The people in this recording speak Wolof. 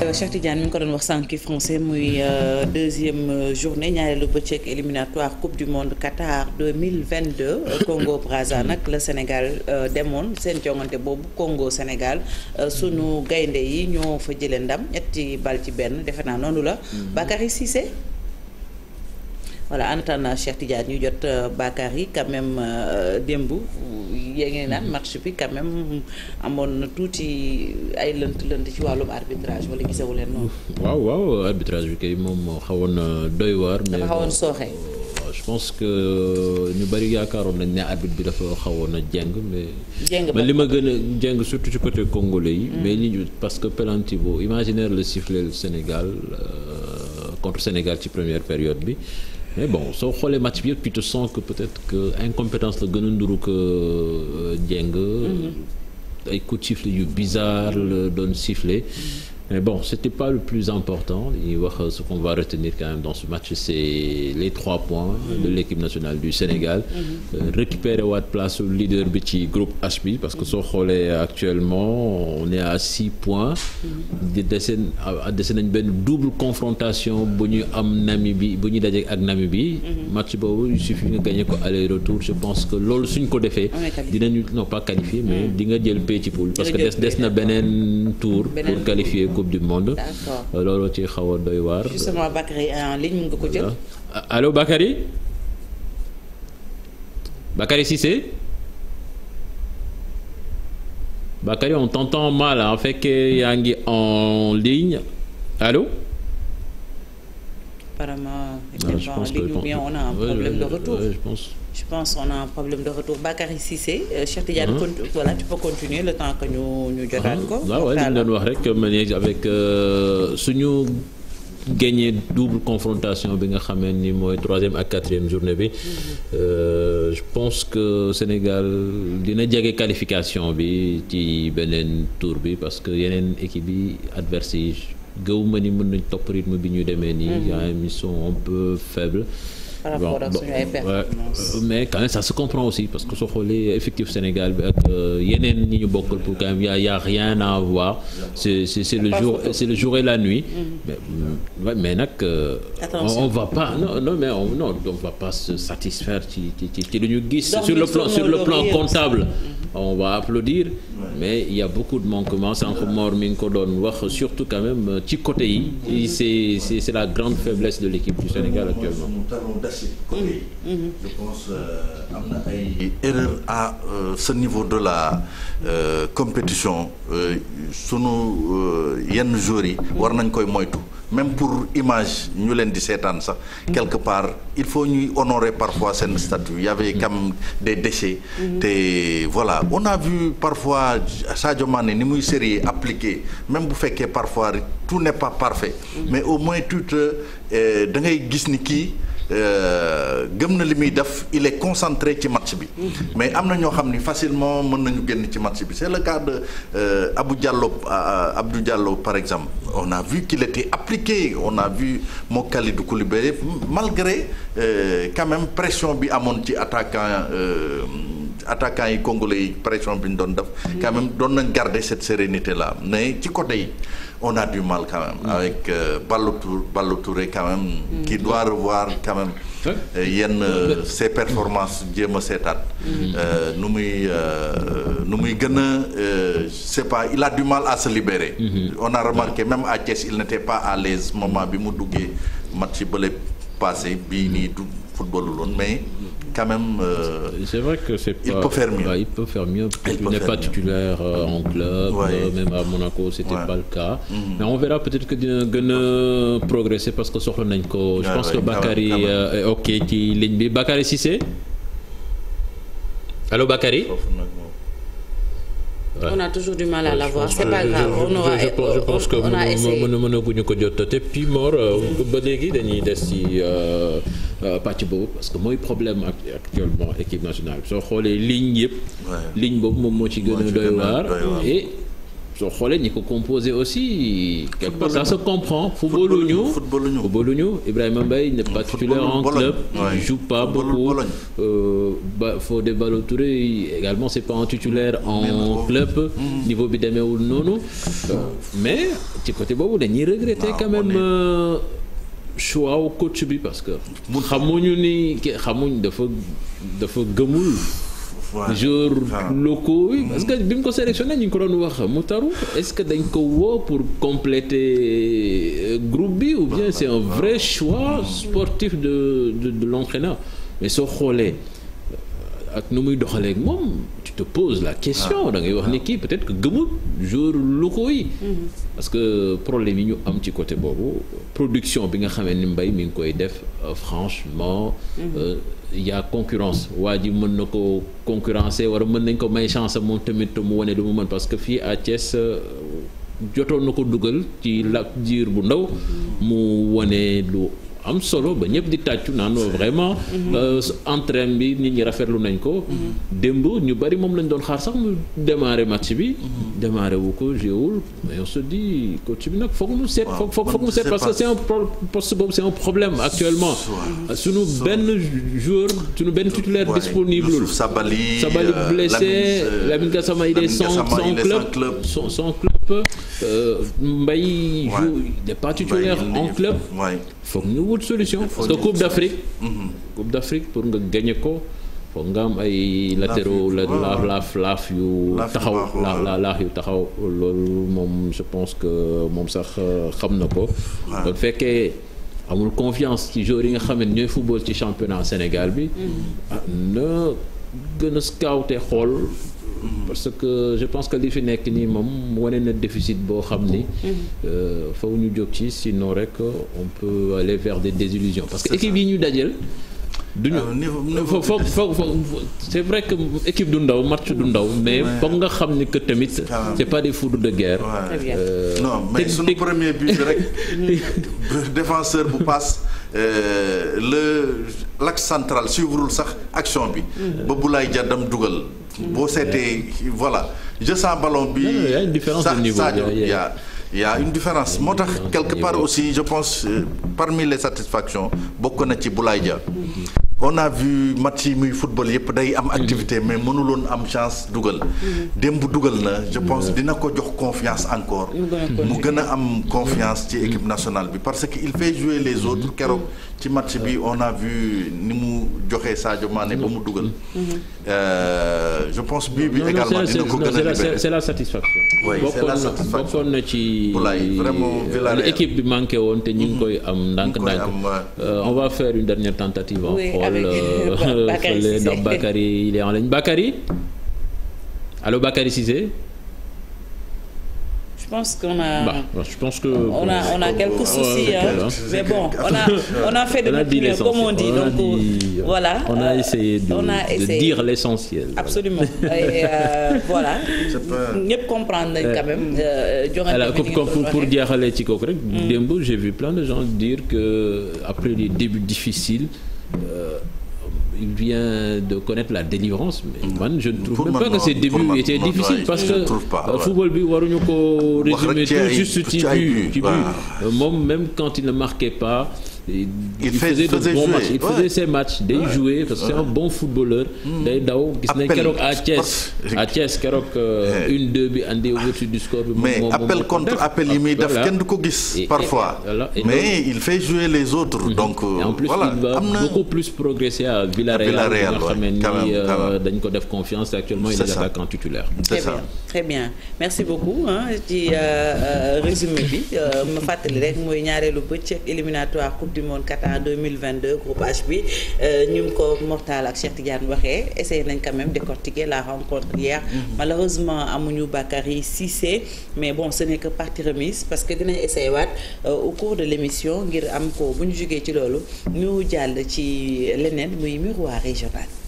Euh, Cheikh Tidiane mi ngi ko doon wax sànq français muy euh, deuxième euh, journée ñaareelu bëccëg éliminatoire coupe du monde Qatar 2022 Congo Brazza nag la Sénégal demoon seen jongante boobu Congo Sénégal sunu gaynde yi ñoo fa jëlee ndam ñetti bal ci benn defe naa noonu la mm-hmm. Bakary Cissé voilà en na Cheikh Tidiane ñu jot euh, baakaar yi quand même euh, démb yaa ngi naan mm-hmm. marché bi quand amoon na tuuti ay lënt lënt ci wàllum arbitrage wala gisewu leen moom. waaw waaw arbitrage bi kay moom xawoon na euh, doy waar. mais xawoon sooxe. je pense ñu bari yaakaaroon nañ ne arbitre bi dafa xawoon a jeng mais. jeng li ma gën a jëng surtout ci côté congolais yi. Mm. mais li ñu parce que penalty boobu imaginaire le sifflet Sénégal contre Sénégal ci première période bi. mais bon soo xoolee match bi yëpp tu te que peut-être que incompétence la gën a nduru que euh, Dieng mm-hmm. ay coup de yu bizarre la doon siffler mm-hmm. mais bon c'était pas le plus important li ñuy wax ce qu'on va retenir quand même dans ce match c'est les trois points de mhm. l'équipe nationale du Sénégal mhm. euh, récupérer waat place leader bi ci groupe H bi parce que soo xoolee actuellement on est à six points mhm. di deseen dese nañ benn double confrontation bu ñu am Namibie bu ñuy dajee ak Namibie match boobu il suffit nga gagner ko aller-retour je pense que loolu suñ ko defee dinañu non pas qualifier mais di nga jël pays ci poule que des na beneen tour pour qualifier coupe du monde. d'accord euh, ci xaw a doy waar. justement Bakary euh, en ligne mun nga ko jël. allo Bakary Bakary Cissé Bakary on t'entend mal en fekkee yaa ngi en ligne allo. apparemment. Non, ah, je pense en ligne, que, ou bien on a un problème de retour. je pense. Je pense qu'on a un problème de retour. Bakary Cissé euh, Cheikh Tidiane voilà tu continuer le temps que ñu ñu jotaan ko. waaw waaw li doon wax rek man avec euh, suñu. gagné double confrontation bi nga xamee ni mooy troisième ak quatrième journée bi euh, je pense que Sénégal dina jege qualification bi ci beneen tour bi parce que yeneen équipe yi adverse gëw ma ni mën nañ topp rythme bi ñu demee ni ils sont un peu faibles. mais quand même ça se comprend aussi parce que soo xoolee effectif Sénégal bi ak euh, yeneen ñi ñu bokkal pour quand même y' a y' a rien à voir c'est le jour et la nuit. Mhm. mais euh, mais nag. Euh, on va pas non non mais non on va pas se satisfaire ci le plan sur le plan comptable. Mhm. on va applaudir mais il y a beaucoup de manquements sànq Mor mi ngi ko doon wax surtout quand même euh, ci côté yi c'est c'est la grande faiblesse de l'équipe du Sénégal actuellement mmh. Mmh. je euh, à euh, ce niveau de la compétition sunu yenn joueurs yi war nañ koy moytu même pour image ñu leen di seetaan sax quelque part il faut ñuy honorer parfois seen statut y avait quand des déchets mm-hmm. te voilà on a vu parfois Sadio Mané ni muy sérieux appliqué même bu fekkee parfois tout ne pas parfait mm-hmm. mais au moins tu te euh, euh, da ngay gis ni kii Euh, gëm na li muy def il est concentré ci match bi. mais am na ñoo xam ni facilement mën nañu génn ci match bi c' est le cas de euh, abu Diallo euh, Abdou Diallo par exemple on a vu qu'il était appliqué on a vu moo Kalidou Koulibaly malgré quand même pression bi amoon ci attaquant. attaquants yi congolais yi pression bi ñu doon def. Mm-hmm. quand doon nañ garder cette sérénité là mais ci côté yi on a du mal quand même. Mm-hmm. avec euh, Ballo Touré Ballo Touré mm-hmm. doit revoir quand euh, yenn euh, ses performances jéem a seetaat. nu muy nu muy gën a c'est pas il a du mal à se libérer. on a remarqué même à Thiès il n'était pas à l'aise moment bi mu duggee match bële passé bii nii du footballu mais. quand même. Euh, c'est vrai que c'est pas. Il peut faire mieux. il n'est pas mieux. Euh, en club, ouais. Euh, Monaco, c'était pas le cas. Mhm. Mais on verra peut-être que dina gën a progresser parce que soxla nañ ko. je pense que Bakary ok ci ligne bi Bakary Cissé allo Bakary. Ouais. On a toujours du mal à l'avoir c'est pas grave on aura je pense a mën a guñu ko jot te puis mor ba léegi dañuy des ci Euh, pàcc boobu parce que mooy problème actuellement équipe nationale soo xoolee ligne yëpp. ligne boobu moom moo ci gën a doy soo xoolee ñi ko composé aussi. quelque part ça se comprend. footballu ñu footballu ñu footballu ñu Ibrahima Mbaye n'est pas titulaire en club. il joue pas beaucoup. Euh, ba Fodé Ballo-Touré également c'est pas un titulaire en club. Hmm. niveau bi demeewul noonu. Euh, mais ci côté boobu dañuy regretter quand même. choix wu coach bi parce que. mun xamuñu ni xamuñ dafa dafa gëmul. voilà joueur ah. locaux yi. parce mm-hmm. que bi mu ko sélectionné ñu ngi ko doon wax mu taru est-ce que dañ ko woo pour compléter euh, groupe bi ou bien c'est un vrai choix mm-hmm. sportif de de de l'entraîneur mais soo xoolee. ak nu muy doxaleek moom tu te poses la question ah. da ngay wax ni ah. kii peut-être que gëmul jour locaux yi mm-hmm. parce que problème yi ñu am ci côté boobu production bi nga xamee ni mbay mi ngi koy def euh, franchement mm-hmm. euh, y a concurrence waa ji mën na ko concurrencer wala mën nañ ko may chance moom tamit mu wane lu mu mën parce que fii à Thiès euh, jotoon na ko dugal ci la jiir bu ndaw mm-hmm. mu wane lu am solo ba ñëpp di tàccu naan vraiment. Mhm. Euh, entraîne bi nit ñi rafetlu nañ ko. Mhm. démb ñu bari moom lañ doon xaar sax mu démarrer match bi. Mhm. démarrer wu ko jéewul mais on se dit coach bi nag foog mu seet. waaw parce que c'est un poste boobu c'est un problème actuellement. suñu benn joueur suñu benn titulaire disponible. Sabali Sabali euh, blessé euh, Lamine Gassama il est club son club. peu euh, Mbaye joue il en club foog ñu wut solution parce que Coupe d'Afrique mhm. Coupe d'Afrique pour nga gagné ko foog nga am ay latéraux la laaf laaf yu taxaw la laaf yu taxaw loolu moom je pense que moom sax euh, xam na ko donc fekkee amul confiance ci joueurs yi nga xam ne ñooy football ci championnat Sénégal bi mhm. ah, na gën a scout xool parce que je pense que li fi nekk nii moom wane na déficit boo xam ni. Euh, faw ñu jóg ci sinon rek on peut aller vers des désillusions. parce que équipe yi ñu dajeel. du ñu foog foog foog c'est vrai que équipe du ndaw match du ndaw mais foog nga xam ni que tamit c'est pas des foudres de guerre. Euh, non mais suñu premier bi rek défenseur bu passe euh, le l'axe central suivrul sax action bi. Mm-hmm. ba Boulaye Dia dam dugal. boo seetee voilà je sens ballon bi. il y a une différence de niveau y a y une différence moo tax quelque part aussi je pense euh, parmi les satisfactions bokk na ci Boulaye Dia mm-hmm. on a vu match yi muy football yëpp day am activité mm-hmm. mais mënuloon am chance dugal. Mm-hmm. démb dugal na je pense mm-hmm. dina ko jox confiance encore. mu gën a am confiance ci équipe nationale bi parce que il fait jouer les autres keroog ci match bi on a vu ni mu joxe Sadio Mané ba mu dugal. Euh, je pense bii bi également dina ko gën a libéré c'est la satisfaction. oui c'est bokkoon na ci vraiment euh, Villarreal équipe bi manqué woon te ñu ngi koy am ndànk-ndànk. Euh, on va faire une dernière tentative. oui avec euh, Bakary Cissé xool ndax Bakary il est en ligne Bakary allo Bakary Cissé. pense qu'on a. Bah, je pense que. a on a mais bon on a fait de notre comme on dit voilà. On a essayé de, dire l'essentiel. absolument et euh, comprendre nañ eh. quand même. Euh, joxe pour jeexalee ci kooku rek. Mm. j'ai vu plein de gens dire que euh, après les débuts difficiles. Euh, il vient de connaître la délivrance mais mm. man je ne trouve même pas que ses débuts étaient difficiles parce que euh, football bi waruñu ko résumer tout juste ci but ci euh, but moom même quand il ne marquait pas il, il faisait de bons jouer. matchs il ouais. faisait ses matchs day ouais. jouer parce que c'est un bon footballeur. Hmm. day daw gis nañ keroog à euh, eh. une deux bi andi ouverture du score mais appel contre appel yi def kenn du ko gis. parfois mais il fait jouer les autres. Mhm. donc voilà am na beaucoup plus progressé à Villarreal bi euh, dañ ko def confiance actuellement il est attaquant titulaire. très bien merci beaucoup ci euh, résumé bi ma fàttali rek mooy ñaareelu bëccëg éliminatoire coupe du monde Qatar 2022 groupe H bi euh, ñu ngi ko Mortal ak Cheikh Tidiane waxee essayé nañ quand même décortiquer la rencontre hier mm-hmm. malheureusement amuñu Bakary Cissé mais bon ce n'est que partie remise parce que dinañ essayé waat euh, au cours de l'émission ngir am ko bu ñu jógee ci loolu ñu jàll ci leneen muy miroir régional